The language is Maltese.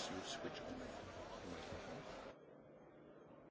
is